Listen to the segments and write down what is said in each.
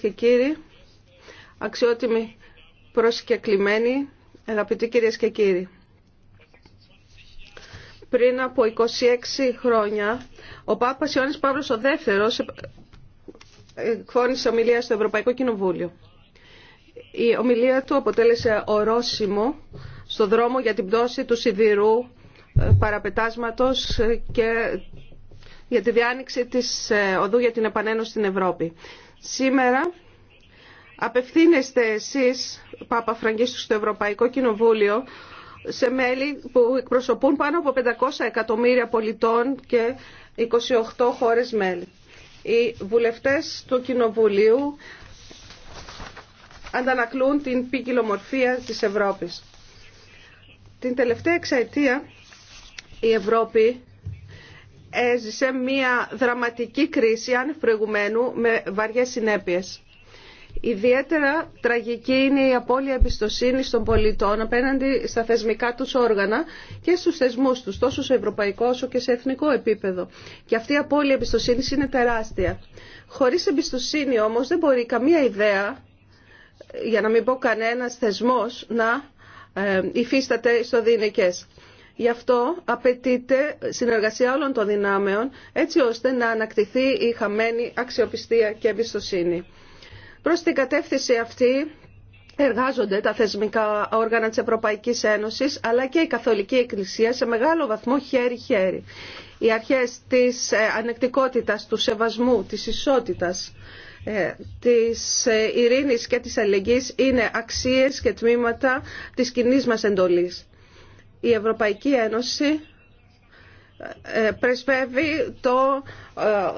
και κύριοι, αξιότιμοι προσκεκλημένοι, αγαπητοί κυρίες και κύριοι. Πριν από 26 χρόνια, ο Πάπας Ιωάννης Παύλος ο δεύτερος εκφώνησε ομιλία στο Ευρωπαϊκό Κοινοβούλιο. Η ομιλία του αποτέλεσε ορόσημο στο δρόμο για την πτώση του σιδηρού ε, παραπετάσματος και για τη διάνοιξη της ε, οδού για την επανένωση στην Ευρώπη. Σήμερα απευθύνεστε εσείς, Πάπα Φραγκίστου, στο Ευρωπαϊκό Κοινοβούλιο, σε μέλη που εκπροσωπούν πάνω από 500 εκατομμύρια πολιτών και 28 χώρες μέλη. Οι βουλευτές του Κοινοβουλίου αντανακλούν την ποικιλομορφία της Ευρώπης. Την τελευταία εξαετία η Ευρώπη έζησε μια δραματική κρίση ανευπροηγουμένου με βαριές συνέπειες. Ιδιαίτερα τραγική είναι η απώλεια εμπιστοσύνη των πολιτών απέναντι στα θεσμικά τους όργανα και στους θεσμούς τους, τόσο σε ευρωπαϊκό όσο και σε εθνικό επίπεδο. Και αυτή η απώλεια εμπιστοσύνη είναι τεράστια. Χωρίς εμπιστοσύνη όμως δεν μπορεί καμία ιδέα, για να μην πω κανένας θεσμός, να ε, υφίσταται στο δίνεκε. Γι' αυτό απαιτείται συνεργασία όλων των δυνάμεων έτσι ώστε να ανακτηθεί η χαμένη αξιοπιστία και εμπιστοσύνη. Προς την κατεύθυνση αυτή εργάζονται τα θεσμικά όργανα της Ευρωπαϊκής Ένωσης αλλά και η Καθολική Εκκλησία σε μεγάλο βαθμό χέρι-χέρι. Οι αρχές της ε, ανεκτικότητας, του σεβασμού, της ισότητας, ε, της ε, ειρήνης και της αλληλεγγύης είναι αξίες και τμήματα της κοινή μας εντολής η Ευρωπαϊκή Ένωση ε, πρεσβεύει το ε,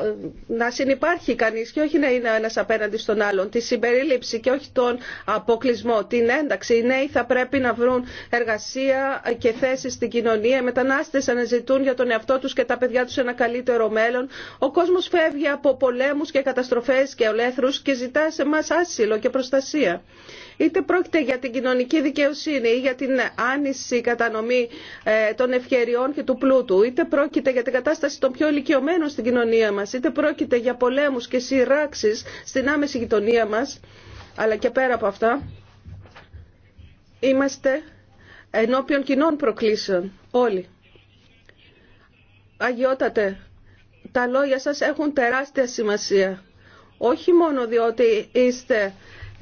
να συνεπάρχει κανείς και όχι να είναι ένας απέναντι στον άλλον, τη συμπερίληψη και όχι τον αποκλεισμό, την ένταξη. Οι νέοι θα πρέπει να βρουν εργασία και θέσεις στην κοινωνία, οι μετανάστες αναζητούν για τον εαυτό τους και τα παιδιά τους ένα καλύτερο μέλλον. Ο κόσμος φεύγει από πολέμους και καταστροφές και ολέθρους και ζητά σε εμάς άσυλο και προστασία είτε πρόκειται για την κοινωνική δικαιοσύνη ή για την άνηση κατανομή ε, των ευκαιριών και του πλούτου, είτε πρόκειται για την κατάσταση των πιο ηλικιωμένων στην κοινωνία μας, είτε πρόκειται για πολέμους και σειράξεις στην άμεση γειτονία μας, αλλά και πέρα από αυτά, είμαστε ενώπιον κοινών προκλήσεων όλοι. Αγιότατε, τα λόγια σας έχουν τεράστια σημασία. Όχι μόνο διότι είστε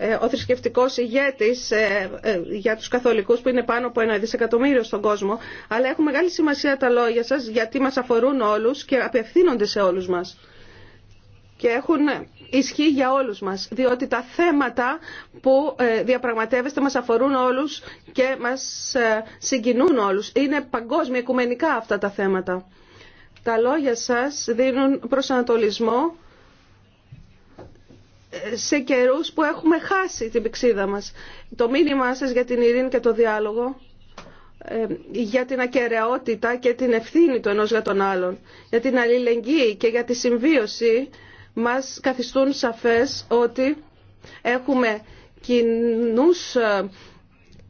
ε, ο θρησκευτικό ηγέτης ε, ε, για τους καθολικούς που είναι πάνω από ένα δισεκατομμύριο στον κόσμο. Αλλά έχουν μεγάλη σημασία τα λόγια σας γιατί μας αφορούν όλους και απευθύνονται σε όλους μας. Και έχουν ισχύ για όλους μας, διότι τα θέματα που διαπραγματεύεστε μας αφορούν όλους και μας συγκινούν όλους. Είναι παγκόσμια, οικουμενικά αυτά τα θέματα. Τα λόγια σας δίνουν προσανατολισμό σε καιρούς που έχουμε χάσει την πηξίδα μας. Το μήνυμά σας για την ειρήνη και το διάλογο, ε, για την ακαιρεότητα και την ευθύνη του ενός για τον άλλον, για την αλληλεγγύη και για τη συμβίωση, μας καθιστούν σαφές ότι έχουμε κοινούς ε,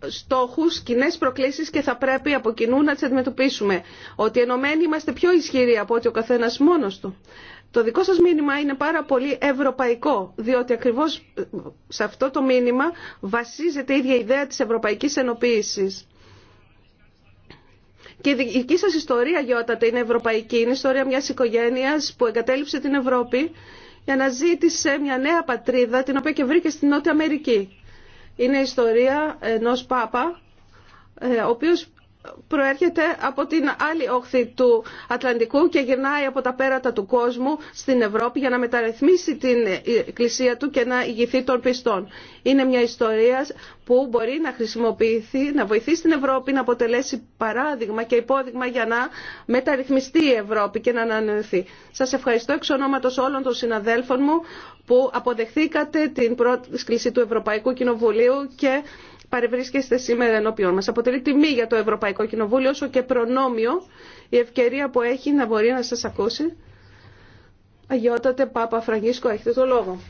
στόχους, κοινέ προκλήσεις και θα πρέπει από κοινού να τις αντιμετωπίσουμε. Ότι ενωμένοι είμαστε πιο ισχυροί από ότι ο καθένας μόνος του. Το δικό σας μήνυμα είναι πάρα πολύ ευρωπαϊκό, διότι ακριβώς ε, σε αυτό το μήνυμα βασίζεται η ίδια ιδέα της ευρωπαϊκής ενοποίησης. Και η δική σας ιστορία, Γιώτατε, είναι ευρωπαϊκή. Είναι ιστορία μιας οικογένειας που εγκατέλειψε την Ευρώπη για να ζήτησε μια νέα πατρίδα, την οποία και βρήκε στην Νότια Αμερική. Είναι ιστορία ενός Πάπα, ε, ο οποίος προέρχεται από την άλλη όχθη του Ατλαντικού και γυρνάει από τα πέρατα του κόσμου στην Ευρώπη για να μεταρρυθμίσει την εκκλησία του και να ηγηθεί των πιστών. Είναι μια ιστορία που μπορεί να χρησιμοποιηθεί, να βοηθήσει την Ευρώπη να αποτελέσει παράδειγμα και υπόδειγμα για να μεταρρυθμιστεί η Ευρώπη και να ανανεωθεί. Σας ευχαριστώ εξ όλων των συναδέλφων μου που αποδεχθήκατε την πρόσκληση του Ευρωπαϊκού Κοινοβουλίου και παρευρίσκεστε σήμερα ενώπιον μας. Αποτελεί τιμή για το Ευρωπαϊκό Κοινοβούλιο όσο και προνόμιο η ευκαιρία που έχει να μπορεί να σας ακούσει. Αγιότατε Πάπα Φραγκίσκο, έχετε το λόγο.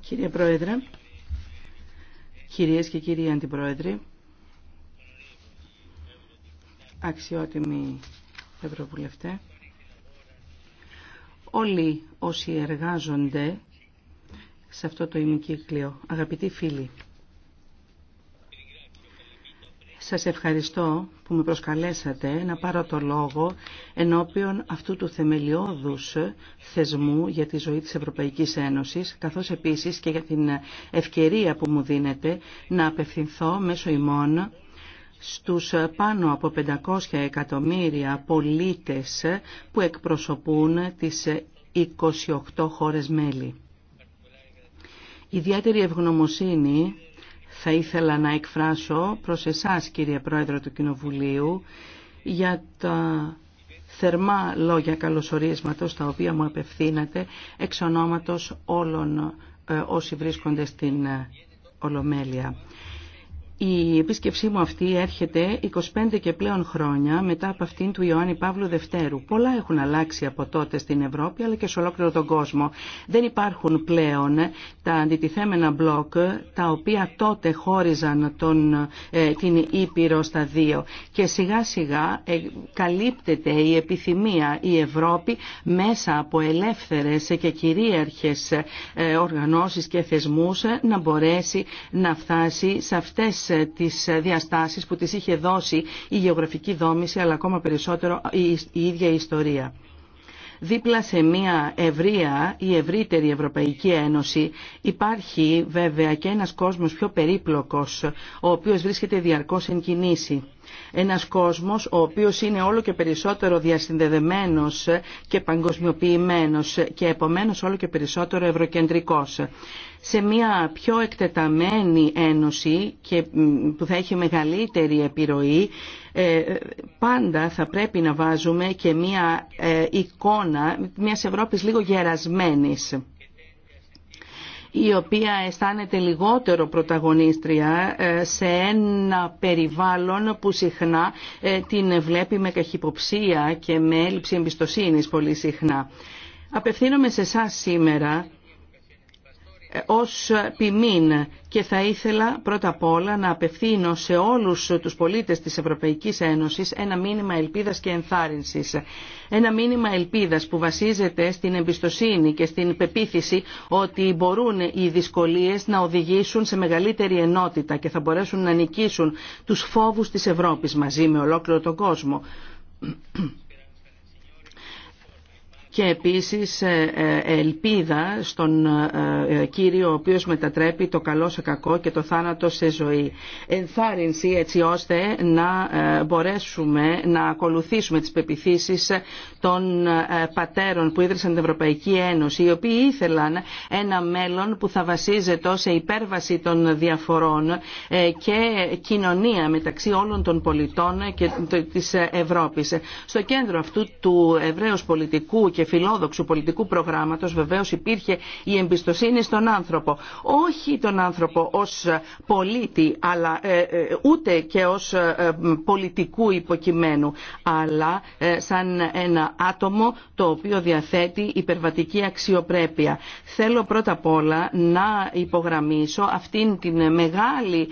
Κύριε Πρόεδρε, κυρίες και κύριοι Αντιπρόεδροι, αξιότιμοι Ευρωβουλευτέ, όλοι όσοι εργάζονται σε αυτό το ημικύκλιο, αγαπητοί φίλοι, σας ευχαριστώ που με προσκαλέσατε να πάρω το λόγο ενώπιον αυτού του θεμελιώδους θεσμού για τη ζωή της Ευρωπαϊκής Ένωσης, καθώς επίσης και για την ευκαιρία που μου δίνετε να απευθυνθώ μέσω ημών στους πάνω από 500 εκατομμύρια πολίτες που εκπροσωπούν τις 28 χώρες μέλη. Ιδιαίτερη ευγνωμοσύνη θα ήθελα να εκφράσω προς εσάς κύριε Πρόεδρο του Κοινοβουλίου για τα θερμά λόγια καλωσορίσματος τα οποία μου απευθύνατε εξ ονόματος όλων ε, όσοι βρίσκονται στην ε, Ολομέλεια. Η επίσκεψή μου αυτή έρχεται 25 και πλέον χρόνια μετά από αυτήν του Ιωάννη Παύλου Δευτέρου. Πολλά έχουν αλλάξει από τότε στην Ευρώπη αλλά και σε ολόκληρο τον κόσμο. Δεν υπάρχουν πλέον τα αντιτιθέμενα μπλοκ τα οποία τότε χώριζαν τον, ε, την Ήπειρο στα δύο. Και σιγά σιγά ε, καλύπτεται η επιθυμία η Ευρώπη μέσα από ελεύθερες και κυρίαρχες ε, οργανώσεις και θεσμούς να μπορέσει να φτάσει σε αυτές ε, τις ε, διαστάσεις που τις είχε δώσει η γεωγραφική δόμηση αλλά ακόμα περισσότερο η ίδια η ιστορία δίπλα σε μια ευρεία ή ευρύτερη Ευρωπαϊκή Ένωση υπάρχει βέβαια και ένας κόσμος πιο περίπλοκος ο οποίος βρίσκεται διαρκώς εν κινήσει. Ένας κόσμος ο οποίος είναι όλο και περισσότερο διασυνδεδεμένος και παγκοσμιοποιημένος και επομένως όλο και περισσότερο ευρωκεντρικός. Σε μια πιο εκτεταμένη ένωση και που θα έχει μεγαλύτερη επιρροή ε, πάντα θα πρέπει να βάζουμε και μια ε, εικόνα μιας Ευρώπης λίγο γερασμένης η οποία αισθάνεται λιγότερο πρωταγωνίστρια ε, σε ένα περιβάλλον που συχνά ε, την βλέπει με καχυποψία και με έλλειψη εμπιστοσύνης πολύ συχνά. Απευθύνομαι σε εσά σήμερα ως ποιμήν και θα ήθελα πρώτα απ' όλα να απευθύνω σε όλους τους πολίτες της Ευρωπαϊκής Ένωσης ένα μήνυμα ελπίδας και ενθάρρυνσης. Ένα μήνυμα ελπίδας που βασίζεται στην εμπιστοσύνη και στην πεποίθηση ότι μπορούν οι δυσκολίες να οδηγήσουν σε μεγαλύτερη ενότητα και θα μπορέσουν να νικήσουν τους φόβους της Ευρώπης μαζί με ολόκληρο τον κόσμο και επίσης ε, ε, ελπίδα στον ε, Κύριο ο οποίος μετατρέπει το καλό σε κακό και το θάνατο σε ζωή. Ενθάρρυνση έτσι ώστε να μπορέσουμε να ακολουθήσουμε τις πεπιθήσεις των πατέρων που ίδρυσαν την Ευρωπαϊκή Ένωση οι οποίοι ήθελαν ένα μέλλον που θα βασίζεται σε υπέρβαση των διαφορών και κοινωνία μεταξύ όλων των πολιτών και της Ευρώπης. Στο κέντρο αυτού του Εβραίου πολιτικού και φιλόδοξου πολιτικού προγράμματος βεβαίως υπήρχε η εμπιστοσύνη στον άνθρωπο. Όχι τον άνθρωπο ως πολίτη, αλλά ε, ε, ούτε και ως ε, πολιτικού υποκειμένου, αλλά σαν ένα άτομο το οποίο διαθέτει υπερβατική αξιοπρέπεια. Θέλω πρώτα απ' όλα να υπογραμμίσω αυτήν την μεγάλη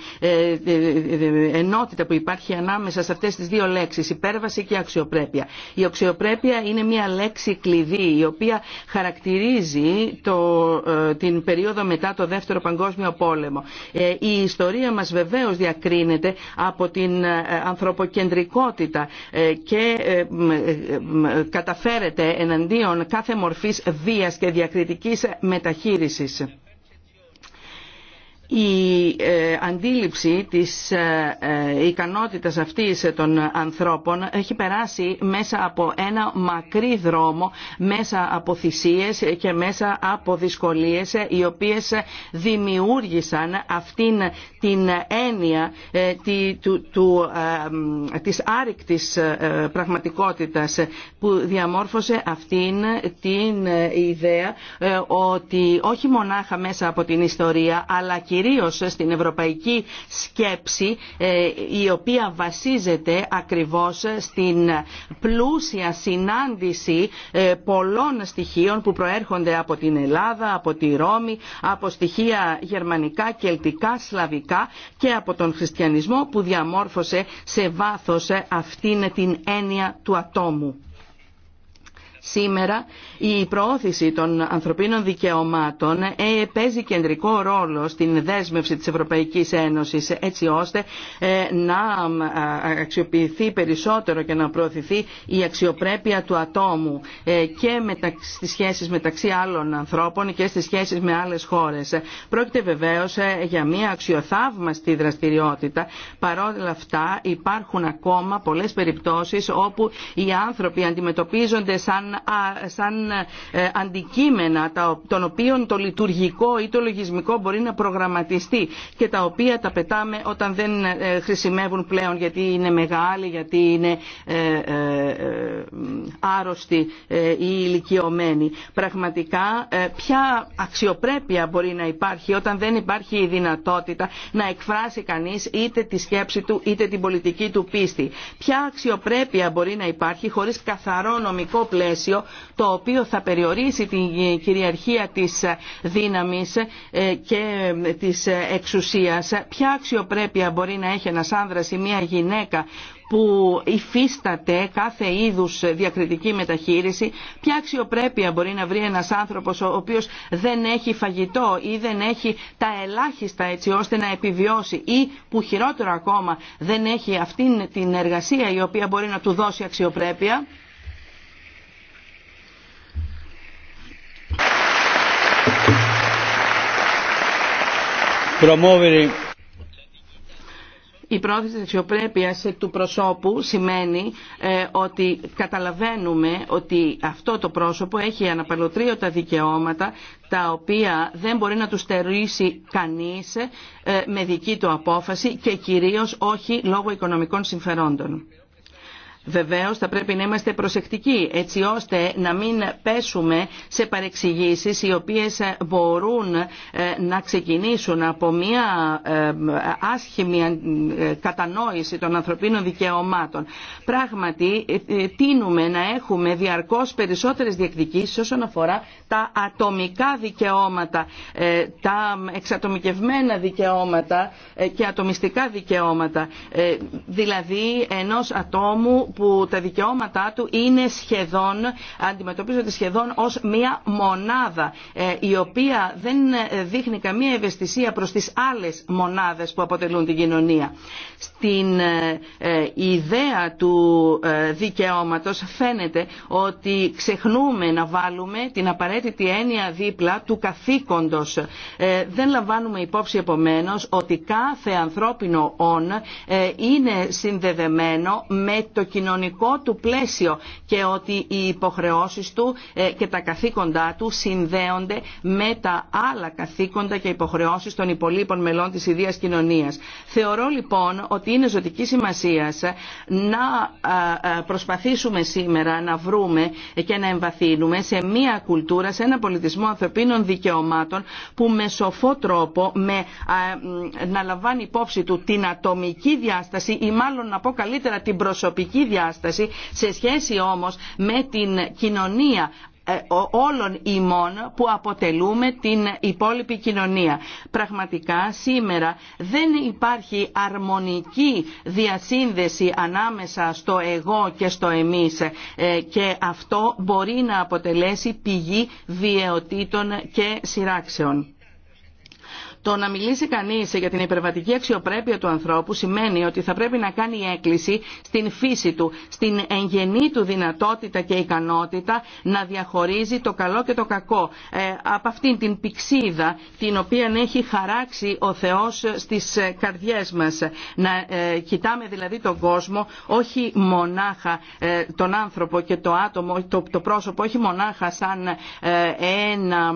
ενότητα που υπάρχει ανάμεσα σε αυτές τις δύο λέξεις, υπέρβαση και αξιοπρέπεια. Η αξιοπρέπεια είναι μια λέξη κλειδί η οποία χαρακτηρίζει το, ε, την περίοδο μετά το Δεύτερο Παγκόσμιο Πόλεμο. Ε, η ιστορία μας βεβαίως διακρίνεται από την ε, ανθρωποκεντρικότητα και καταφέρεται εναντίον κάθε μορφής βίας και διακριτικής μεταχείρισης η ε, αντίληψη της ε, ε, ικανότητας αυτής των ανθρώπων έχει περάσει μέσα από ένα μακρύ δρόμο, μέσα από θυσίες και μέσα από δυσκολίες οι οποίες δημιούργησαν αυτήν την έννοια της άρρηκτης πραγματικότητας που διαμόρφωσε αυτήν την ιδέα ότι όχι μονάχα μέσα από την ιστορία αλλά και κυρίως στην ευρωπαϊκή σκέψη ε, η οποία βασίζεται ακριβώς στην πλούσια συνάντηση ε, πολλών στοιχείων που προέρχονται από την Ελλάδα, από τη Ρώμη, από στοιχεία γερμανικά, κελτικά, σλαβικά και από τον χριστιανισμό που διαμόρφωσε σε βάθος αυτήν την έννοια του ατόμου. Σήμερα η προώθηση των ανθρωπίνων δικαιωμάτων ε, παίζει κεντρικό ρόλο στην δέσμευση της Ευρωπαϊκής Ένωσης έτσι ώστε ε, να ε, αξιοποιηθεί περισσότερο και να προωθηθεί η αξιοπρέπεια του ατόμου και στις σχέσεις μεταξύ άλλων ανθρώπων και στις σχέσεις με άλλες χώρες. Πρόκειται βεβαίως για μια αξιοθαύμαστη δραστηριότητα. Παρόλα αυτά υπάρχουν ακόμα πολλές περιπτώσεις όπου οι άνθρωποι αντιμετωπίζονται σαν σαν ε, αντικείμενα των οποίων το λειτουργικό ή το λογισμικό μπορεί να προγραμματιστεί και τα οποία τα πετάμε όταν δεν ε, χρησιμεύουν πλέον γιατί είναι μεγάλοι, γιατί είναι ε, άρρωστοι ή ηλικιωμένοι. Πραγματικά ποια αξιοπρέπεια μπορεί να υπάρχει όταν δεν υπάρχει η δυνατότητα να εκφράσει κανείς είτε τη σκέψη του είτε την πολιτική του πίστη. Ποια αξιοπρέπεια μπορεί να υπάρχει χωρίς καθαρό νομικό πλαίσιο το οποίο θα περιορίσει την κυριαρχία της δύναμης ε, και ε, της εξουσίας. Ποια αξιοπρέπεια μπορεί να έχει ένας άνδρας ή μια γυναίκα που υφίσταται κάθε είδους διακριτική μεταχείριση, ποια αξιοπρέπεια μπορεί να βρει ένας άνθρωπος ο οποίος δεν έχει φαγητό ή δεν έχει τα ελάχιστα έτσι ώστε να επιβιώσει ή που χειρότερο ακόμα δεν έχει αυτήν την εργασία η οποία μπορεί να του δώσει αξιοπρέπεια. η πρόθεση αξιοπρέπεια του προσώπου σημαίνει ε, ότι καταλαβαίνουμε ότι αυτό το πρόσωπο έχει αναπαλωτρίωτα δικαιώματα τα οποία δεν μπορεί να του στερήσει κανείς ε, με δική του απόφαση και κυρίως όχι λόγω οικονομικών συμφερόντων. Βεβαίως θα πρέπει να είμαστε προσεκτικοί έτσι ώστε να μην πέσουμε σε παρεξηγήσεις οι οποίες μπορούν ε, να ξεκινήσουν από μια ε, άσχημη ε, κατανόηση των ανθρωπίνων δικαιωμάτων. Πράγματι τίνουμε να έχουμε διαρκώς περισσότερες διεκδικήσεις όσον αφορά τα ατομικά δικαιώματα, τα εξατομικευμένα δικαιώματα και ατομιστικά δικαιώματα, δηλαδή ενός ατόμου που τα δικαιώματά του είναι σχεδόν, αντιμετωπίζονται σχεδόν ως μία μονάδα ε, η οποία δεν δείχνει καμία ευαισθησία προς τις άλλες μονάδες που αποτελούν την κοινωνία. Στην ε, ε, ιδέα του δικαιώματος φαίνεται ότι ξεχνούμε να βάλουμε την απαραίτητη έννοια δίπλα του καθήκοντος. Δεν λαμβάνουμε υπόψη επομένως ότι κάθε ανθρώπινο «ον» είναι συνδεδεμένο με το κοινωνικό κοινωνικό του πλαίσιο και ότι οι υποχρεώσεις του ε, και τα καθήκοντά του συνδέονται με τα άλλα καθήκοντα και υποχρεώσεις των υπολείπων μελών της ιδίας κοινωνίας. Θεωρώ λοιπόν ότι είναι ζωτική σημασία ε, να ε, προσπαθήσουμε σήμερα να βρούμε και να εμβαθύνουμε σε μία κουλτούρα, σε ένα πολιτισμό ανθρωπίνων δικαιωμάτων που με σοφό τρόπο με, να λαμβάνει υπόψη του την ατομική διάσταση ή μάλλον να πω καλύτερα την προσωπική διάσταση σε σχέση όμως με την κοινωνία ε, όλων ημών που αποτελούμε την υπόλοιπη κοινωνία. Πραγματικά σήμερα δεν υπάρχει αρμονική διασύνδεση ανάμεσα στο εγώ και στο εμείς ε, και αυτό μπορεί να αποτελέσει πηγή βιαιοτήτων και σειράξεων. Το να μιλήσει κανείς για την υπερβατική αξιοπρέπεια του ανθρώπου σημαίνει ότι θα πρέπει να κάνει έκκληση στην φύση του, στην εγγενή του δυνατότητα και ικανότητα να διαχωρίζει το καλό και το κακό. Ε, από αυτήν την πηξίδα την οποία έχει χαράξει ο Θεός στις ε, καρδιές μας. Να ε, κοιτάμε δηλαδή τον κόσμο, όχι μονάχα ε, τον άνθρωπο και το άτομο, το, το πρόσωπο, όχι μονάχα σαν ένα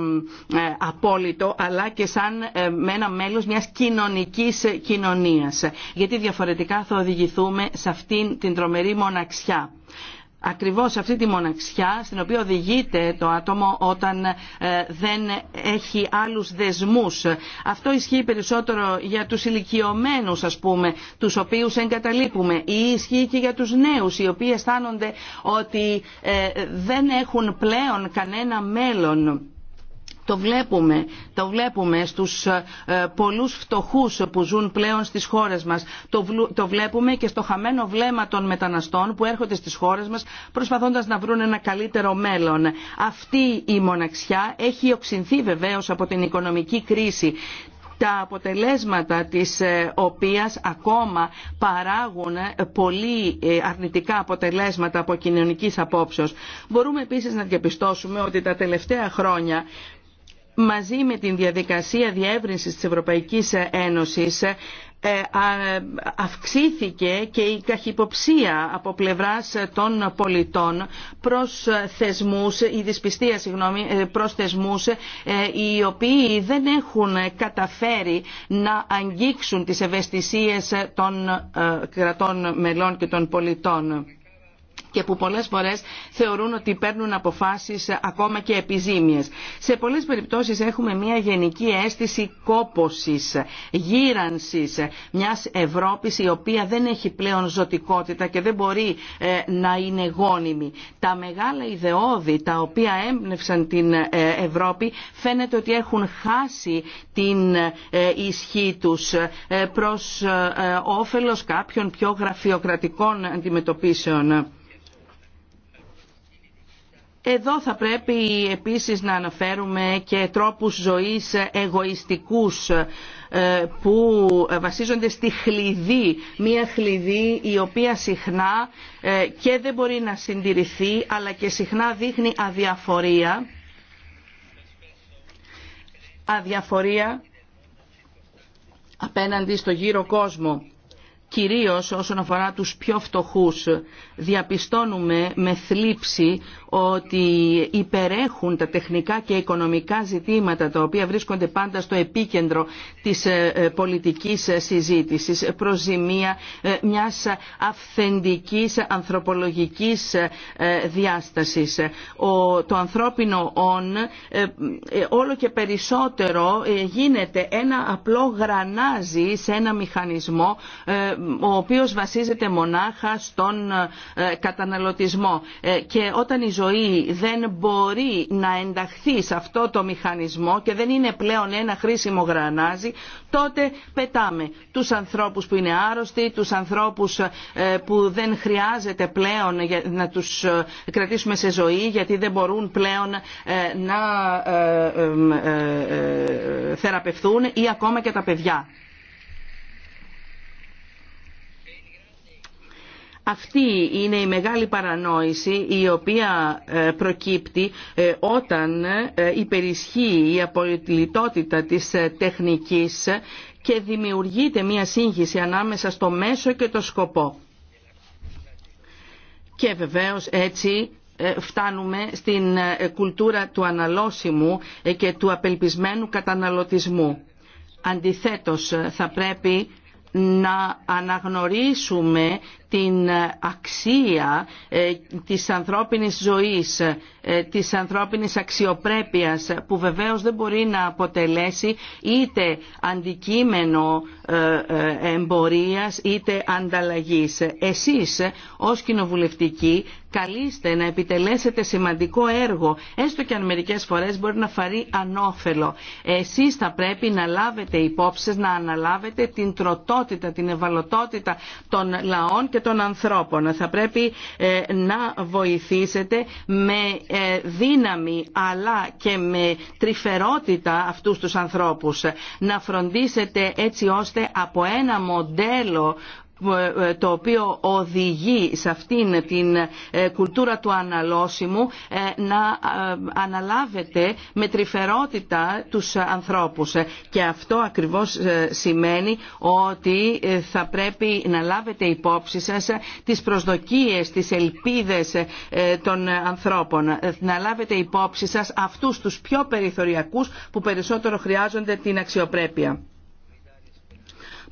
απόλυτο, αλλά και σαν με ένα μέλος μιας κοινωνικής κοινωνίας. Γιατί διαφορετικά θα οδηγηθούμε σε αυτήν την τρομερή μοναξιά. Ακριβώς αυτή τη μοναξιά στην οποία οδηγείται το άτομο όταν ε, δεν έχει άλλους δεσμούς. Αυτό ισχύει περισσότερο για τους ηλικιωμένους ας πούμε, τους οποίους εγκαταλείπουμε ή ισχύει και για τους νέους οι οποίοι αισθάνονται ότι ε, δεν έχουν πλέον κανένα μέλλον. Το βλέπουμε, το βλέπουμε στους ε, πολλούς φτωχούς που ζουν πλέον στις χώρες μας. Το, το βλέπουμε και στο χαμένο βλέμμα των μεταναστών που έρχονται στις χώρες μας προσπαθώντας να βρουν ένα καλύτερο μέλλον. Αυτή η μοναξιά έχει οξυνθεί βεβαίως από την οικονομική κρίση τα αποτελέσματα της ε, οποίας ακόμα παράγουν ε, πολύ αρνητικά αποτελέσματα από κοινωνικής απόψεως. Μπορούμε επίσης να διαπιστώσουμε ότι τα τελευταία χρόνια μαζί με την διαδικασία διεύρυνσης της Ευρωπαϊκής Ένωσης ε, ε, αυξήθηκε και η καχυποψία από πλευράς των πολιτών προς θεσμούς, η δυσπιστία συγγνώμη, ε, προς θεσμούς οι οποίοι δεν έχουν καταφέρει να αγγίξουν τις ευαισθησίες των κρατών μελών και των πολιτών και που πολλές φορές θεωρούν ότι παίρνουν αποφάσεις ακόμα και επιζήμιες. Σε πολλές περιπτώσεις έχουμε μια γενική αίσθηση κόπωσης, γύρανσης μιας Ευρώπης η οποία δεν έχει πλέον ζωτικότητα και δεν μπορεί ε, να είναι γόνιμη. Τα μεγάλα ιδεώδη τα οποία έμπνευσαν την ε, Ευρώπη φαίνεται ότι έχουν χάσει την ε, ισχύ τους προς όφελος κάποιων πιο γραφειοκρατικών αντιμετωπίσεων. Εδώ θα πρέπει επίσης να αναφέρουμε και τρόπους ζωής εγωιστικούς ε, που βασίζονται στη χλειδί, μία χλειδί η οποία συχνά ε, και δεν μπορεί να συντηρηθεί αλλά και συχνά δείχνει αδιαφορία, αδιαφορία απέναντι στο γύρο κόσμο κυρίως όσον αφορά τους πιο φτωχούς διαπιστώνουμε με θλίψη ότι υπερέχουν τα τεχνικά και οικονομικά ζητήματα τα οποία βρίσκονται πάντα στο επίκεντρο της ε, ε, πολιτικής συζήτησης προς ζημία ε, μιας αυθεντικής ανθρωπολογικής διάστασης. Το ανθρώπινο «ον» όλο και περισσότερο γίνεται ένα απλό γρανάζι σε ένα μηχανισμό ο οποίος βασίζεται μονάχα στον καταναλωτισμό. Και όταν η ζωή δεν μπορεί να ενταχθεί σε αυτό το μηχανισμό και δεν είναι πλέον ένα χρήσιμο γρανάζι, τότε πετάμε τους ανθρώπους που είναι άρρωστοι, τους ανθρώπους ε, που δεν χρειάζεται πλέον να τους ε, κρατήσουμε σε ζωή γιατί δεν μπορούν πλέον ε, να θεραπευθούν ή ακόμα και τα παιδιά. Αυτή είναι η μεγάλη παρανόηση η οποία ε, προκύπτει ε, όταν ε, υπερισχύει η απολυτότητα της τεχνικής και δημιουργείται μια σύγχυση ανάμεσα στο μέσο και το σκοπό. Και βεβαίως έτσι φτάνουμε στην κουλτούρα του αναλώσιμου και του απελπισμένου καταναλωτισμού. Αντιθέτως θα πρέπει να αναγνωρίσουμε την αξία ε, της ανθρώπινης ζωής, ε, της ανθρώπινης αξιοπρέπειας που βεβαίως δεν μπορεί να αποτελέσει είτε αντικείμενο ε, εμπορίας είτε ανταλλαγής. Εσείς ως κοινοβουλευτικοί καλείστε να επιτελέσετε σημαντικό έργο, έστω και αν μερικές φορές μπορεί να φαρεί ανώφελο. Εσείς θα πρέπει να λάβετε υπόψη, να αναλάβετε την τροτότητα, την ευαλωτότητα των λαών και των ανθρώπων. Θα πρέπει ε, να βοηθήσετε με ε, δύναμη αλλά και με τρυφερότητα αυτούς τους ανθρώπους. Να φροντίσετε έτσι ώστε από ένα μοντέλο το οποίο οδηγεί σε αυτήν την ε, κουλτούρα του αναλώσιμου ε, να ε, αναλάβετε με τρυφερότητα τους ανθρώπους. Και αυτό ακριβώς σημαίνει ότι θα πρέπει να λάβετε υπόψη σας τις προσδοκίες, τις ελπίδες των ανθρώπων. Να λάβετε υπόψη σας αυτούς τους πιο περιθωριακούς που περισσότερο χρειάζονται την αξιοπρέπεια.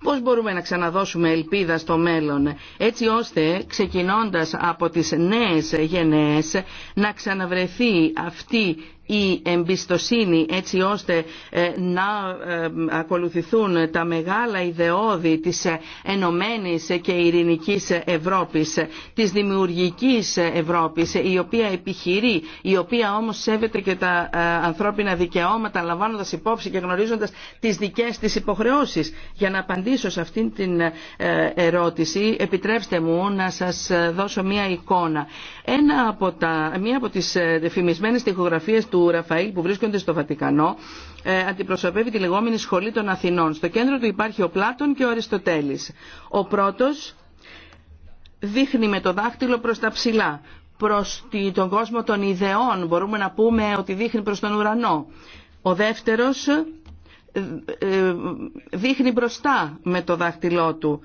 Πώς μπορούμε να ξαναδώσουμε ελπίδα στο μέλλον, έτσι ώστε ξεκινώντας από τις νέες γενναίες να ξαναβρεθεί αυτή η εμπιστοσύνη έτσι ώστε ε, να ε, ακολουθηθούν τα μεγάλα ιδεώδη της ε, ενωμένης και ειρηνικής Ευρώπης, της δημιουργικής Ευρώπης, η οποία επιχειρεί, η οποία όμως σέβεται και τα ανθρώπινα δικαιώματα, λαμβάνοντας υπόψη και γνωρίζοντας τις δικές της υποχρεώσεις. Για να απαντήσω σε αυτήν την ερώτηση, επιτρέψτε μου να σας δώσω μία εικόνα. Ένα από τα, μία από τις φημισμένες τοιχογραφίες του του Ραφαήλ που βρίσκονται στο Βατικανό ε, αντιπροσωπεύει τη λεγόμενη Σχολή των Αθηνών. Στο κέντρο του υπάρχει ο Πλάτων και ο Αριστοτέλης. Ο πρώτος δείχνει με το δάχτυλο προς τα ψηλά, προς τον κόσμο των ιδεών, μπορούμε να πούμε ότι δείχνει προς τον ουρανό. Ο δεύτερος ε, ε, δείχνει μπροστά με το δάχτυλό του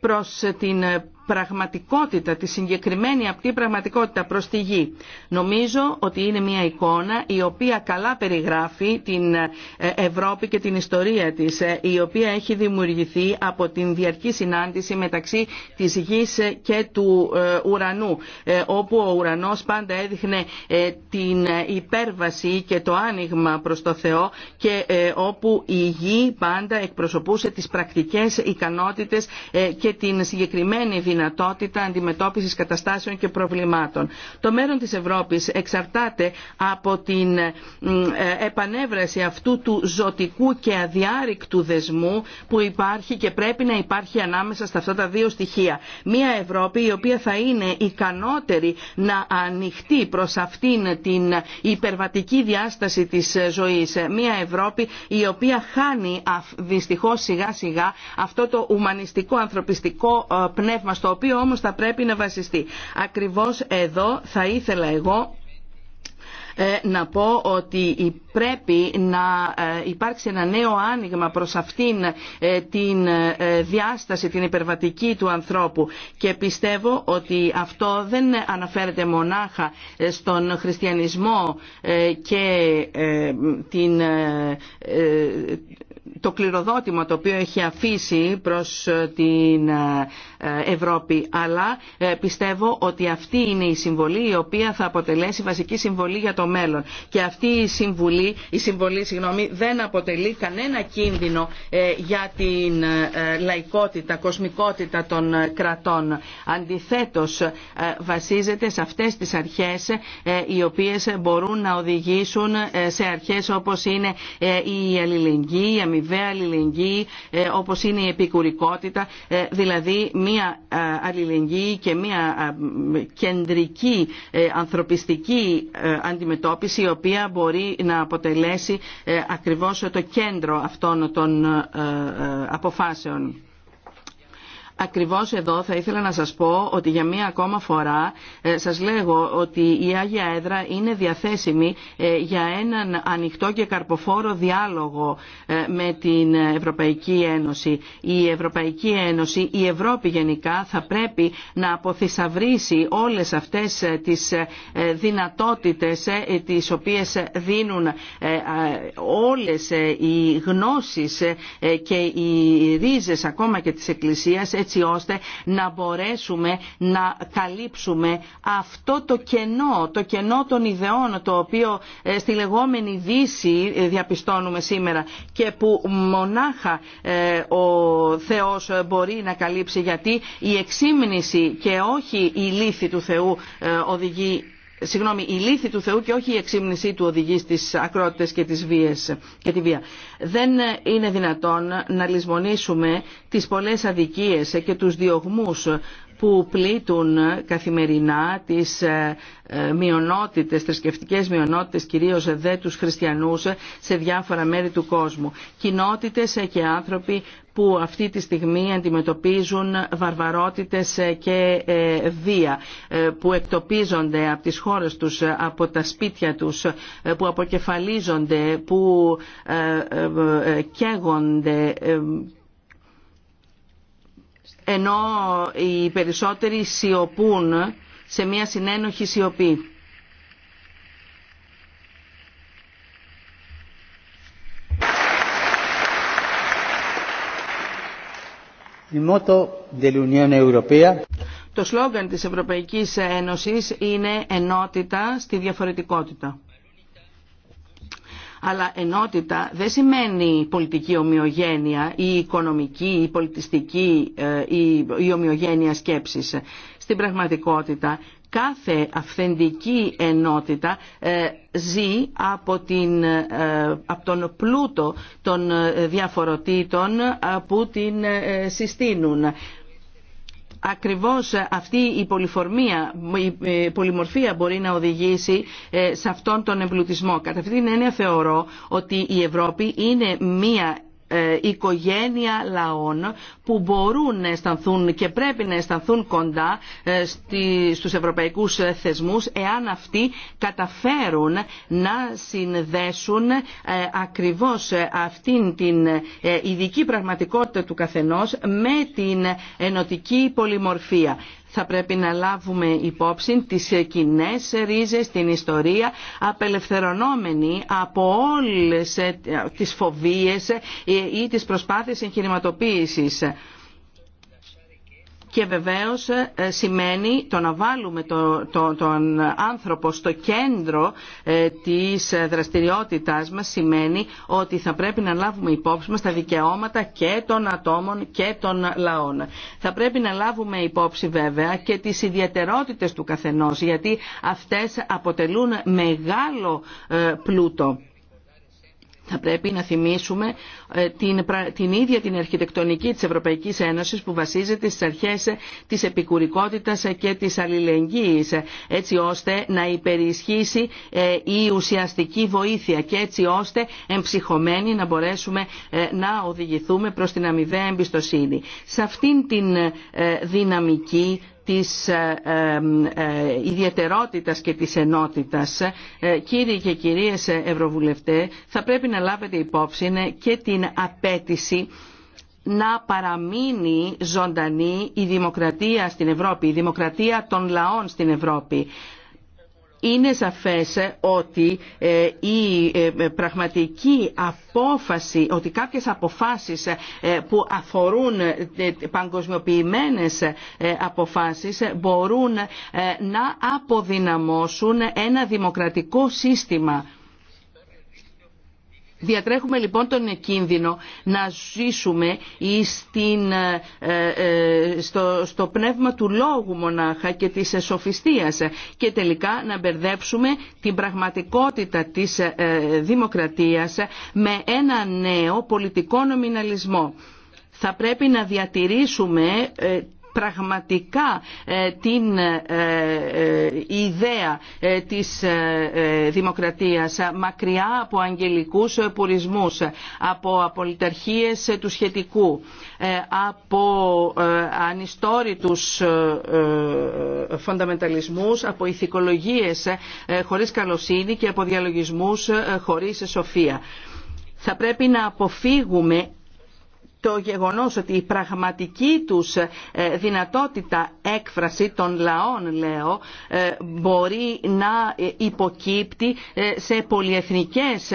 προς την πραγματικότητα, τη συγκεκριμένη αυτή πραγματικότητα προς τη γη. Νομίζω ότι είναι μια εικόνα η οποία καλά περιγράφει την ε, Ευρώπη και την ιστορία της, ε, η οποία έχει δημιουργηθεί από την διαρκή συνάντηση μεταξύ της γης ε, και του ουρανού, όπου ο ουρανός πάντα έδειχνε την υπέρβαση και το άνοιγμα προς το Θεό και όπου η γη πάντα εκπροσωπούσε τις πρακτικές ικανότητες και την συγκεκριμένη δυνατότητα αντιμετώπισης καταστάσεων και προβλημάτων. Το μέλλον της Ευρώπης εξαρτάται από την ε, επανέβραση αυτού του ζωτικού και αδιάρρηκτου δεσμού που υπάρχει και πρέπει να υπάρχει ανάμεσα στα αυτά τα δύο στοιχεία. Μία Ευρώπη η οποία θα είναι ικανότερη να ανοιχτεί προς αυτήν την υπερβατική διάσταση τη ζωή. Μία Ευρώπη η οποία χάνει δυστυχώ σιγά σιγά αυτό το ουμανιστικό ανθρωπιστικό ε, πνεύμα στο οποίο όμως θα πρέπει να βασιστεί. Ακριβώς εδώ θα ήθελα εγώ ε, να πω ότι πρέπει να ε, υπάρξει ένα νέο άνοιγμα προς αυτήν ε, την διάσταση, την υπερβατική του ανθρώπου και πιστεύω ότι αυτό δεν αναφέρεται μονάχα στον χριστιανισμό και την το κληροδότημα το οποίο έχει αφήσει προς ε, την ε, ε, Ευρώπη αλλά πιστεύω ότι αυτή είναι η συμβολή η οποία θα αποτελέσει βασική συμβολή για το μέλλον και αυτή η συμβολή, η συμβολή συγγνώμη, δεν αποτελεί κανένα κίνδυνο για την λαϊκότητα, κοσμικότητα των κρατών. Αντιθέτως βασίζεται σε αυτές τις αρχές οι οποίες μπορούν να οδηγήσουν σε αρχές όπως είναι η αλληλεγγύη, αμοιβαία αλληλεγγύη ε, όπως είναι η επικουρικότητα, ε, δηλαδή μία ε, αλληλεγγύη και μία κεντρική ανθρωπιστική αντιμετώπιση η οποία μπορεί να αποτελέσει ακριβώς το κέντρο αυτών των αποφάσεων. Ακριβώς εδώ θα ήθελα να σας πω ότι για μία ακόμα φορά ε, σας λέγω ότι η Άγια Έδρα είναι διαθέσιμη ε, για έναν ανοιχτό και καρποφόρο διάλογο ε, με την Ευρωπαϊκή Ένωση. Η Ευρωπαϊκή Ένωση, η Ευρώπη γενικά θα πρέπει να αποθυσαυρίσει όλες αυτές τις δυνατότητες τις οποίες δίνουν όλες οι γνώσεις και οι ρίζες ακόμα και της Εκκλησίας έτσι ώστε να μπορέσουμε να καλύψουμε αυτό το κενό, το κενό των ιδεών το οποίο ε, στη λεγόμενη Δύση ε, διαπιστώνουμε σήμερα και που μονάχα ε, ο Θεός μπορεί να καλύψει γιατί η εξήμνηση και όχι η λύθη του Θεού οδηγεί συγγνώμη, η λύθη του Θεού και όχι η εξήμνησή του οδηγεί στι ακρότητες και, και τη βία. Δεν είναι δυνατόν να λησμονήσουμε τις πολλέ αδικίες και τους διωγμούς που πλήττουν καθημερινά τις ε, ε, μειονότητες, θρησκευτικέ μειονότητες, κυρίως δε τους χριστιανούς σε διάφορα μέρη του κόσμου. Κοινότητες και άνθρωποι που αυτή τη στιγμή αντιμετωπίζουν βαρβαρότητες και ε, βία, που εκτοπίζονται από τις χώρες τους, από τα σπίτια τους, που αποκεφαλίζονται, που καίγονται ενώ οι περισσότεροι σιωπούν σε μια συνένοχη σιωπή. Το σλόγγαν της Ευρωπαϊκής Ένωσης είναι ενότητα στη διαφορετικότητα. Αλλά ενότητα δεν σημαίνει πολιτική ομοιογένεια ή οικονομική ή πολιτιστική ε, ή ομοιογένεια σκέψης. Στην πραγματικότητα κάθε αυθεντική ενότητα ε, ζει από, την, ε, από τον πλούτο των διαφοροτήτων που την συστήνουν ακριβώς αυτή η πολυφορμία, η ε, πολυμορφία μπορεί να οδηγήσει ε, σε αυτόν τον εμπλουτισμό. Κατά αυτή την έννοια θεωρώ ότι η Ευρώπη είναι μία ε, οικογένεια λαών που μπορούν να αισθανθούν και πρέπει να αισθανθούν κοντά ε, στους ευρωπαϊκούς ε, θεσμούς εάν αυτοί καταφέρουν να συνδέσουν ακριβώς αυτήν την ειδική πραγματικότητα του καθενός με την ενωτική πολυμορφία θα πρέπει να λάβουμε υπόψη τις κοινέ ρίζες στην ιστορία απελευθερωνόμενοι από όλες ε, τις φοβίες ε, ή τις προσπάθειες εγχειρηματοποίησης και βεβαίως ε, σημαίνει το να βάλουμε τον άνθρωπο στο κέντρο ε, της δραστηριότητάς μας σημαίνει ότι θα πρέπει να λάβουμε υπόψη μας τα δικαιώματα και των ατόμων και των λαών. Θα πρέπει να λάβουμε υπόψη βέβαια και τις ιδιαιτερότητες του καθενός γιατί αυτές αποτελούν μεγάλο ε, πλούτο θα πρέπει να θυμίσουμε ε, την, την ίδια την αρχιτεκτονική της Ευρωπαϊκής Ένωσης που βασίζεται στις αρχές ε, της επικουρικότητας ε, και της αλληλεγγύης έτσι ώστε να υπερισχύσει η ουσιαστική βοήθεια και έτσι ώστε εμψυχωμένοι να μπορέσουμε να οδηγηθούμε προς την αμοιβαία εμπιστοσύνη. Σε αυτήν την δυναμική της ε, ε, ε, ιδιαιτερότητας και της ενότητας. Κύριοι και κυρίες Ευρωβουλευτέ, θα πρέπει να λάβετε υπόψη και την απέτηση να παραμείνει ζωντανή η δημοκρατία στην Ευρώπη, η δημοκρατία των λαών στην Ευρώπη είναι σαφές ότι ε, η ε, πραγματική απόφαση, ότι κάποιες αποφάσεις ε, που αφορούν παγκοσμιοποιημένες αποφάσεις μπορούν να αποδυναμώσουν ένα δημοκρατικό σύστημα. Διατρέχουμε λοιπόν τον κίνδυνο να ζήσουμε στην, ε, ε, στο, στο πνεύμα του λόγου μονάχα και της σοφιστίας και τελικά να μπερδέψουμε την πραγματικότητα της ε, δημοκρατίας με ένα νέο πολιτικό νομιναλισμό. Θα πρέπει να διατηρήσουμε πραγματικά ε, την ε, ε, ιδέα της δημοκρατίας μακριά από αγγελικούς πουρισμούς, από απολυταρχίες του σχετικού, από ανιστόρητους φονταμενταλισμούς, από ηθικολογίες χωρίς καλοσύνη και από διαλογισμούς χωρίς σοφία. Θα πρέπει να αποφύγουμε το γεγονός ότι η πραγματική τους ε, δυνατότητα έκφραση των λαών, λέω, ε, μπορεί να ε, υποκύπτει σε πολυεθνικές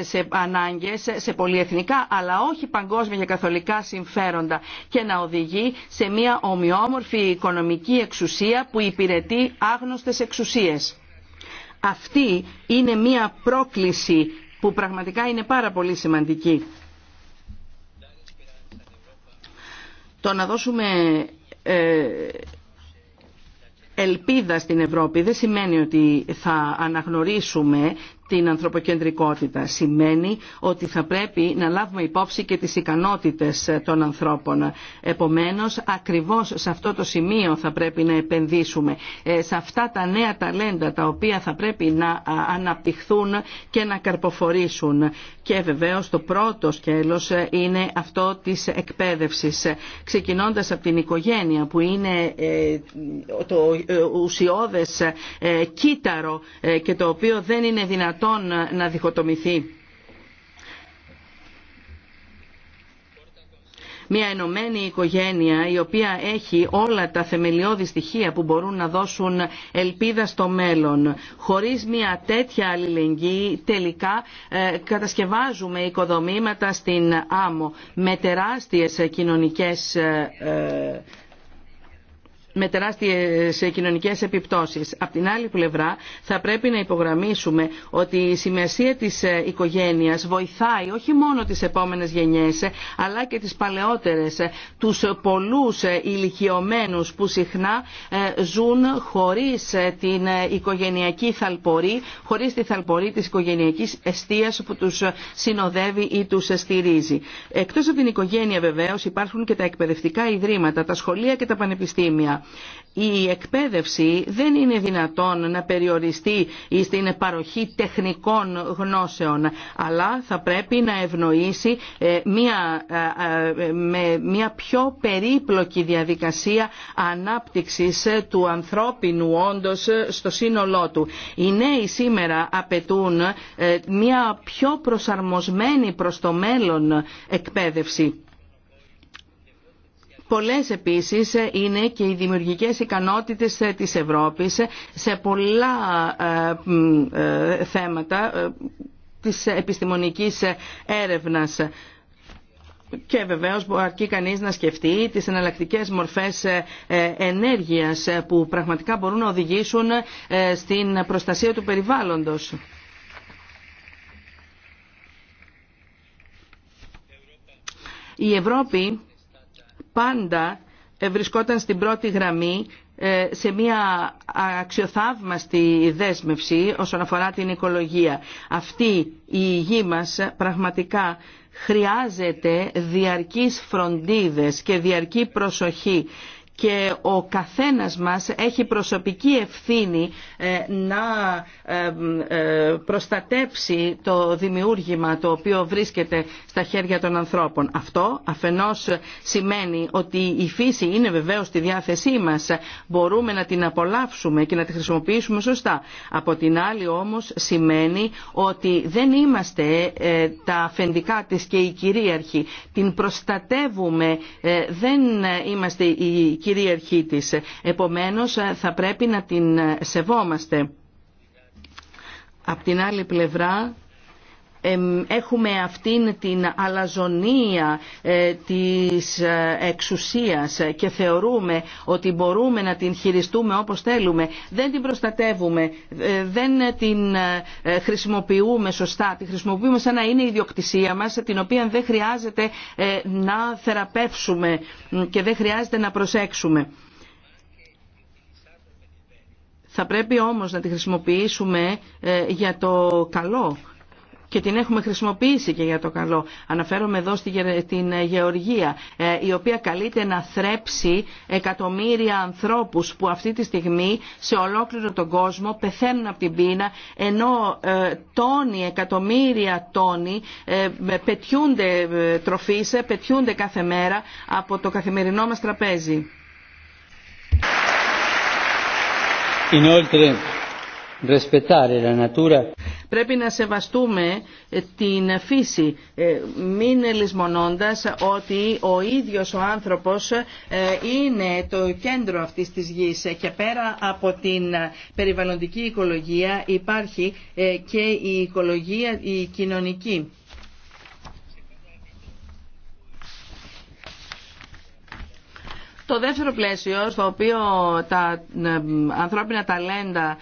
σε ανάγκες, σε πολυεθνικά, αλλά όχι παγκόσμια και καθολικά συμφέροντα και να οδηγεί σε μια ομοιόμορφη οικονομική εξουσία που υπηρετεί άγνωστες εξουσίες. Αυτή είναι μια πρόκληση που πραγματικά είναι πάρα πολύ σημαντική το να δώσουμε ε, ελπίδα στην Ευρώπη δεν σημαίνει ότι θα αναγνωρίσουμε την ανθρωποκεντρικότητα. Σημαίνει ότι θα πρέπει να λάβουμε υπόψη και τις ικανότητες των ανθρώπων. Επομένως, ακριβώς σε αυτό το σημείο θα πρέπει να επενδύσουμε. Ε, σε αυτά τα νέα ταλέντα τα οποία θα πρέπει να αναπτυχθούν και να καρποφορήσουν. Και βεβαίως το πρώτο σκέλος ε, είναι αυτό της εκπαίδευσης. Ξεκινώντας από την οικογένεια που είναι ε, το ουσιώδες κύτταρο και το οποίο δεν είναι δυνατό δυνατόν να διχοτομηθεί. μια ενωμένη οικογένεια η οποία έχει όλα τα θεμελιώδη στοιχεία που μπορούν να δώσουν ελπίδα στο μέλλον. Χωρίς μια τέτοια αλληλεγγύη τελικά ε, κατασκευάζουμε οικοδομήματα στην άμμο με τεράστιες κοινωνικές ε, ε, με τεράστιες ε, κοινωνικές επιπτώσεις. Απ' την άλλη πλευρά θα πρέπει να υπογραμμίσουμε ότι η σημασία της ε, οικογένειας βοηθάει όχι μόνο τις επόμενες γενιές ε, αλλά και τις παλαιότερες, τους πολλούς ηλικιωμένους που συχνά ζουν χωρίς την οικογενειακή θαλπορή, χωρίς τη θαλπορή της οικογενειακής εστίας που τους συνοδεύει ή τους στηρίζει. Εκτός από την οικογένεια βεβαίως υπάρχουν και τα εκπαιδευτικά ιδρύματα, τα σχολεία και τα πανεπιστήμια η εκπαίδευση δεν είναι δυνατόν να περιοριστεί στην παροχή τεχνικών γνώσεων αλλά θα πρέπει να ευνοήσει ε, μια, ε, ε, μια πιο περίπλοκη διαδικασία ανάπτυξης του ανθρώπινου όντως στο σύνολό του. Οι νέοι σήμερα απαιτούν μια πιο προσαρμοσμένη προς το μέλλον εκπαίδευση Πολλές επίσης ε, είναι και οι δημιουργικές ικανότητες ε, της Ευρώπης ε, σε πολλά θέματα της επιστημονικής έρευνας. Και βεβαίως αρκεί κανείς να σκεφτεί τις εναλλακτικέ μορφές ενέργειας που πραγματικά μπορούν να οδηγήσουν στην προστασία του περιβάλλοντος. Η Ευρώπη πάντα ε, βρισκόταν στην πρώτη γραμμή ε, σε μια αξιοθαύμαστη δέσμευση όσον αφορά την οικολογία. Αυτή η γη μας πραγματικά χρειάζεται διαρκείς φροντίδες και διαρκή προσοχή και ο καθένας μας έχει προσωπική ευθύνη ε, να ε, ε, προστατέψει το δημιούργημα το οποίο βρίσκεται στα χέρια των ανθρώπων. Αυτό αφενός σημαίνει ότι η φύση είναι βεβαίως στη διάθεσή μας, μπορούμε να την απολαύσουμε και να τη χρησιμοποιήσουμε σωστά. Από την άλλη όμως σημαίνει ότι δεν είμαστε τα αφεντικά της και οι κυρίαρχοι. Την προστατεύουμε, δεν είμαστε οι κυρίαρχή της. Επομένως ε, θα πρέπει να την ε, σεβόμαστε. Απ' την άλλη πλευρά έχουμε αυτήν την αλαζονία ε, της ε, εξουσίας και θεωρούμε ότι μπορούμε να την χειριστούμε όπως θέλουμε. Δεν την προστατεύουμε, ε, δεν την χρησιμοποιούμε σωστά, τη χρησιμοποιούμε σαν να είναι η ιδιοκτησία μας, την οποία δεν χρειάζεται να θεραπεύσουμε και δεν χρειάζεται να προσέξουμε. Θα πρέπει όμως να τη χρησιμοποιήσουμε για το καλό και την έχουμε χρησιμοποιήσει και για το καλό. Αναφέρομαι εδώ στην ε, Γεωργία, ε, η οποία καλείται να θρέψει εκατομμύρια ανθρώπους που αυτή τη στιγμή σε ολόκληρο τον κόσμο πεθαίνουν από την πείνα, ενώ ε, τόνοι, εκατομμύρια τόνοι πετιούνται τροφίσε, πετιούνται κάθε μέρα από το καθημερινό μας τραπέζι. Πρέπει να σεβαστούμε ε, την φύση, ε, μην λησμονώντας ότι ο ίδιος ο άνθρωπος ε, είναι το κέντρο αυτής της γης και πέρα από την περιβαλλοντική οικολογία υπάρχει και η οικολογία η κοινωνική. Το δεύτερο πλαίσιο στο οποίο τα ανθρώπινα ταλέντα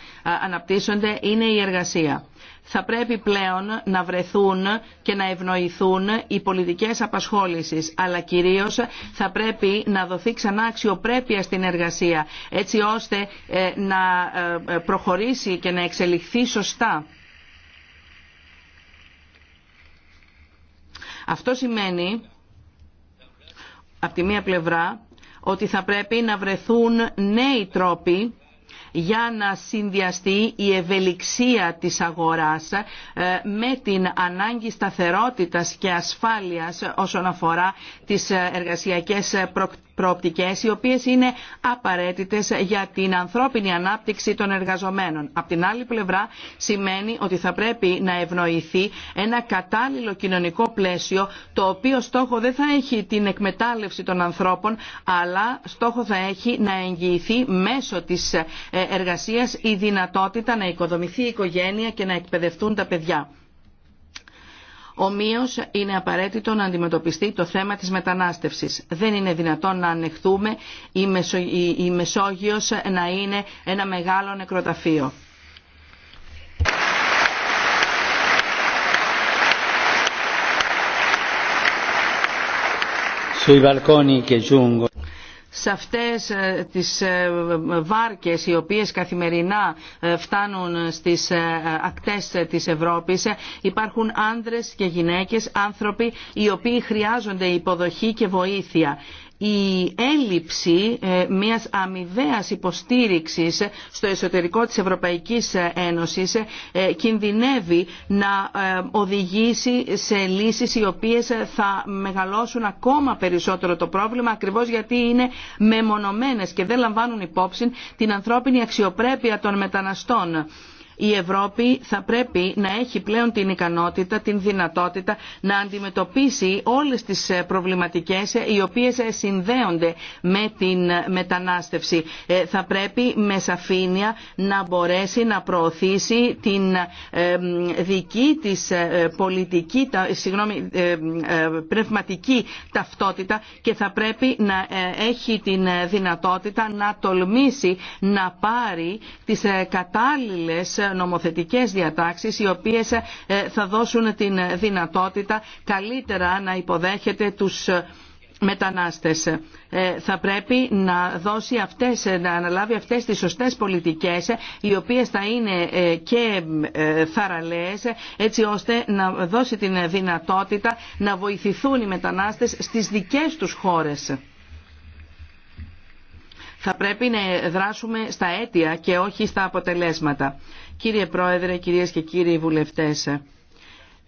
αναπτύσσονται είναι η εργασία. Θα πρέπει πλέον να βρεθούν και να ευνοηθούν οι πολιτικές απασχόλησης, αλλά κυρίως θα πρέπει να δοθεί ξανά αξιοπρέπεια στην εργασία, έτσι ώστε ε, να ε, προχωρήσει και να εξελιχθεί σωστά. Αυτό σημαίνει, από τη μία πλευρά, ότι θα πρέπει να βρεθούν νέοι τρόποι για να συνδυαστεί η ευελιξία της αγοράς ε, με την ανάγκη σταθερότητας και ασφάλειας όσον αφορά τις εργασιακές προοπτικές οι οποίες είναι απαραίτητες για την ανθρώπινη ανάπτυξη των εργαζομένων. Απ' την άλλη πλευρά σημαίνει ότι θα πρέπει να ευνοηθεί ένα κατάλληλο κοινωνικό πλαίσιο το οποίο στόχο δεν θα έχει την εκμετάλλευση των ανθρώπων αλλά στόχο θα έχει να εγγυηθεί μέσω της ε, εργασίας η δυνατότητα να οικοδομηθεί η οικογένεια και να εκπαιδευτούν τα παιδιά. Ομοίως είναι απαραίτητο να αντιμετωπιστεί το θέμα της μετανάστευσης. Δεν είναι δυνατόν να ανεχθούμε η Μεσόγειος να είναι ένα μεγάλο νεκροταφείο. Sui balconi che giungo σε αυτές ε, τις ε, βάρκες οι οποίες καθημερινά ε, φτάνουν στις ακτές της Ευρώπης υπάρχουν άνδρες και γυναίκες, άνθρωποι οι οποίοι χρειάζονται υποδοχή και βοήθεια η έλλειψη ε, μιας αμοιβαίας υποστήριξης στο εσωτερικό της Ευρωπαϊκής Ένωσης ε, κινδυνεύει να ε, οδηγήσει σε λύσεις οι οποίες θα μεγαλώσουν ακόμα περισσότερο το πρόβλημα ακριβώς γιατί είναι μεμονωμένες και δεν λαμβάνουν υπόψη την ανθρώπινη αξιοπρέπεια των μεταναστών η Ευρώπη θα πρέπει να έχει πλέον την ικανότητα, την δυνατότητα να αντιμετωπίσει όλες τις ε, προβληματικές ε, οι οποίες ε, συνδέονται με την μετανάστευση. Θα πρέπει με σαφήνεια να μπορέσει να προωθήσει την δική της πολιτική, συγγνώμη, πνευματική ταυτότητα και θα πρέπει να έχει την δυνατότητα να τολμήσει να πάρει τις κατάλληλες νομοθετικές διατάξεις οι οποίες ε, θα δώσουν την δυνατότητα καλύτερα να υποδέχεται τους ε, μετανάστες. Ε, θα πρέπει να, δώσει αυτές, να αναλάβει αυτές τις σωστές πολιτικές οι οποίες θα είναι και θαραλέες έτσι ώστε να δώσει την δυνατότητα να βοηθηθούν οι μετανάστες στις δικές τους χώρες. Θα πρέπει να δράσουμε στα αίτια και όχι στα αποτελέσματα. Κύριε Πρόεδρε, κυρίες και κύριοι βουλευτές,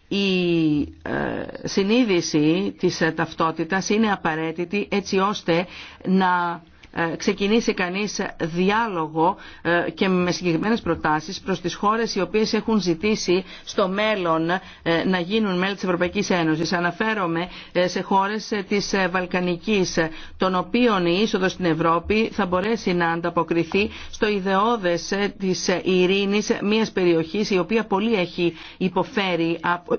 η ε, συνείδηση της ταυτότητας είναι απαραίτητη έτσι ώστε να ε, ξεκινήσει κανείς διάλογο ε, και με συγκεκριμένες προτάσεις προς τις χώρες οι οποίες έχουν ζητήσει στο μέλλον ε, να γίνουν μέλη της Ευρωπαϊκής Ένωσης. Αναφέρομαι σε χώρες της Βαλκανικής, των οποίων η είσοδος στην Ευρώπη θα μπορέσει να ανταποκριθεί στο ιδεώδες της ειρήνης μιας περιοχής η οποία πολύ έχει υποφέρει από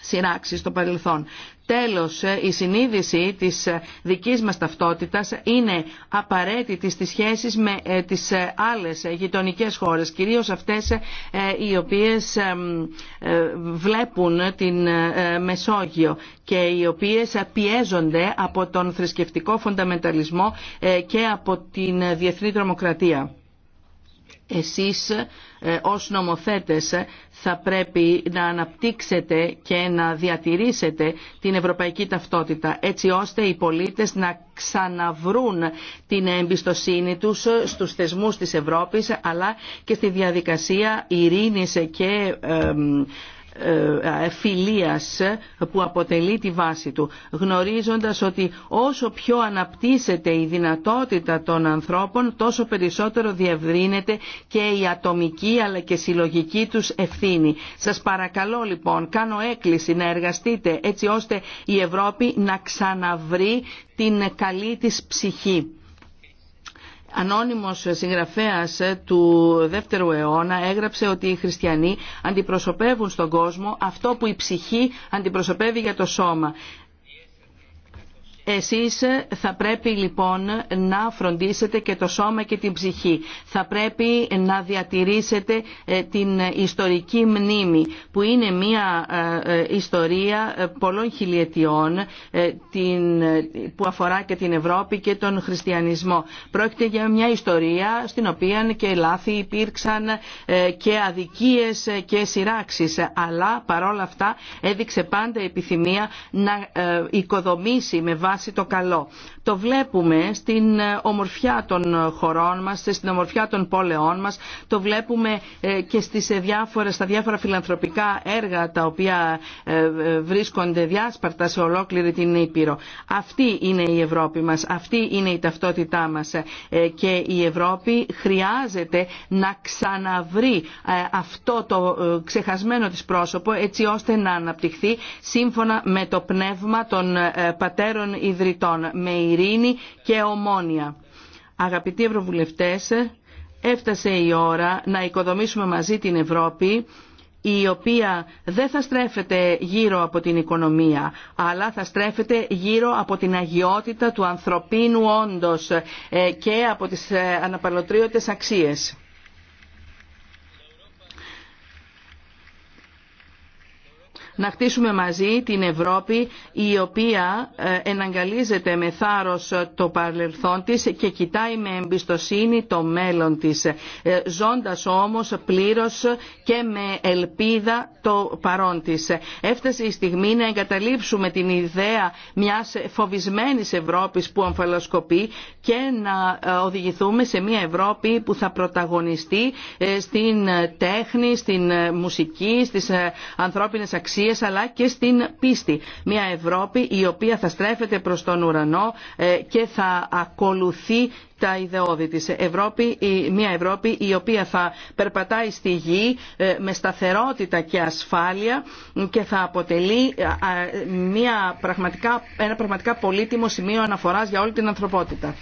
σειράξει στο παρελθόν. Τέλος, ε, η συνείδηση της ε, δικής μας ταυτότητας είναι απαραίτητη στις σχέσεις με ε, τις άλλες γειτονικές χώρες, κυρίως αυτές οι οποίες βλέπουν την Μεσόγειο και οι οποίες πιέζονται από τον θρησκευτικό φονταμενταλισμό και από την διεθνή τρομοκρατία εσείς ε, ως νομοθέτες θα πρέπει να αναπτύξετε και να διατηρήσετε την ευρωπαϊκή ταυτότητα έτσι ώστε οι πολίτες να ξαναβρούν την εμπιστοσύνη τους στους θεσμούς της Ευρώπης αλλά και στη διαδικασία ειρήνης και ε, ε, ε, φιλίας που αποτελεί τη βάση του γνωρίζοντας ότι όσο πιο αναπτύσσεται η δυνατότητα των ανθρώπων τόσο περισσότερο διευρύνεται και η ατομική αλλά και συλλογική τους ευθύνη. Σας παρακαλώ λοιπόν κάνω έκκληση να εργαστείτε έτσι ώστε η Ευρώπη να ξαναβρει την καλή της ψυχή ανώνυμος συγγραφέας του δεύτερου αιώνα έγραψε ότι οι χριστιανοί αντιπροσωπεύουν στον κόσμο αυτό που η ψυχή αντιπροσωπεύει για το σώμα. Εσείς θα πρέπει λοιπόν να φροντίσετε και το σώμα και την ψυχή. Θα πρέπει να διατηρήσετε ε, την ιστορική μνήμη που είναι μια ε, ε, ιστορία πολλών χιλιετιών που αφορά και την Ευρώπη και τον χριστιανισμό. Πρόκειται για μια ιστορία στην οποία και λάθη υπήρξαν και αδικίες και σειράξεις αλλά παρόλα αυτά έδειξε πάντα επιθυμία να οικοδομήσει με βάση περάσει το καλό. Το βλέπουμε στην ε, ομορφιά των ε, χωρών μας, στην ομορφιά των πόλεών μας, το βλέπουμε ε, και στις διάφορες, στα διάφορα φιλανθρωπικά έργα τα οποία βρίσκονται διάσπαρτα σε ολόκληρη την Ήπειρο. Αυτή είναι η Ευρώπη μας, αυτή είναι η ταυτότητά μας και η Ευρώπη χρειάζεται να ξαναβρει αυτό το ξεχασμένο της πρόσωπο έτσι ώστε να αναπτυχθεί σύμφωνα με το πνεύμα των πατέρων ιδρυτών, ειρήνη και ομόνια. Αγαπητοί Ευρωβουλευτές, έφτασε η ώρα να οικοδομήσουμε μαζί την Ευρώπη η οποία δεν θα στρέφεται γύρω από την οικονομία, αλλά θα στρέφεται γύρω από την αγιότητα του ανθρωπίνου όντως ε, και από τις ε, αναπαλωτρίωτες αξίες. να χτίσουμε μαζί την Ευρώπη η οποία ε, εναγκαλίζεται με θάρρος το παρελθόν της και κοιτάει με εμπιστοσύνη το μέλλον της, ε, ζώντας όμως πλήρως και με ελπίδα το παρόν της. Έφτασε η στιγμή να εγκαταλείψουμε την ιδέα μιας φοβισμένης Ευρώπης που αμφαλοσκοπεί και να ε, οδηγηθούμε σε μια Ευρώπη που θα πρωταγωνιστεί στην τέχνη, στην μουσική, στις ανθρώπινες αξίες αλλά και στην πίστη. Μια Ευρώπη η οποία θα στρέφεται προς τον ουρανό ε, και θα ακολουθεί τα ιδεώδη της. Ευρώπη, μια Ευρώπη η οποία θα περπατάει στη γη ε, με σταθερότητα και ασφάλεια και θα αποτελεί ε, μια πραγματικά, ένα πραγματικά πολύτιμο σημείο αναφοράς για όλη την ανθρωπότητα.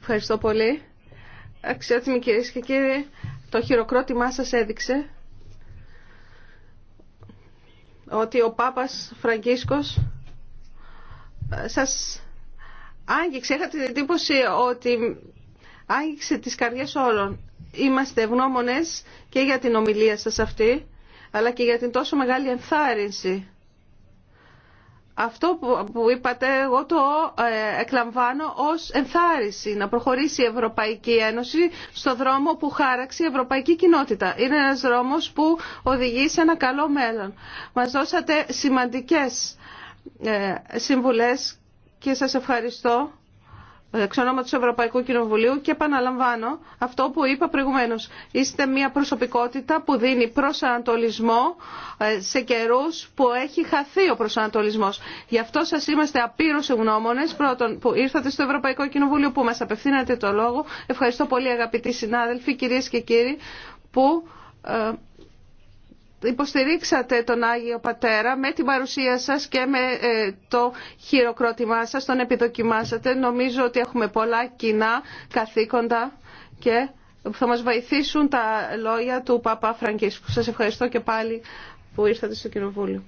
Ευχαριστώ πολύ. Αξιότιμοι κυρίε και κύριοι, το χειροκρότημά σα έδειξε ότι ο Πάπας Φραγκίσκος ε, σα άγγιξε. Είχα την εντύπωση ότι άγγιξε τις καρδιές όλων. Είμαστε ευγνώμονε και για την ομιλία σας αυτή, αλλά και για την τόσο μεγάλη ενθάρρυνση αυτό που είπατε εγώ το ε, εκλαμβάνω ως ενθάρρυνση να προχωρήσει η Ευρωπαϊκή Ένωση στο δρόμο που χάραξε η Ευρωπαϊκή Κοινότητα. Είναι ένας δρόμος που οδηγεί σε ένα καλό μέλλον. Μας δώσατε σημαντικές ε, συμβουλές και σας ευχαριστώ εξ ονόματος του Ευρωπαϊκού Κοινοβουλίου και επαναλαμβάνω αυτό που είπα προηγουμένως. Είστε μια προσωπικότητα που δίνει προσανατολισμό ε, σε καιρούς που έχει χαθεί ο προσανατολισμός. Γι' αυτό σας είμαστε απείρως ευγνώμονες πρώτον που ήρθατε στο Ευρωπαϊκό Κοινοβούλιο που μας απευθύνατε το λόγο. Ευχαριστώ πολύ αγαπητοί συνάδελφοι, κυρίε και κύριοι που ε, υποστηρίξατε τον Άγιο Πατέρα με την παρουσία σας και με ε, το χειροκρότημά σας, τον επιδοκιμάσατε. Νομίζω ότι έχουμε πολλά κοινά καθήκοντα και θα μας βοηθήσουν τα λόγια του Παπά Φραγκίσκου. Σας ευχαριστώ και πάλι που ήρθατε στο Κοινοβούλιο.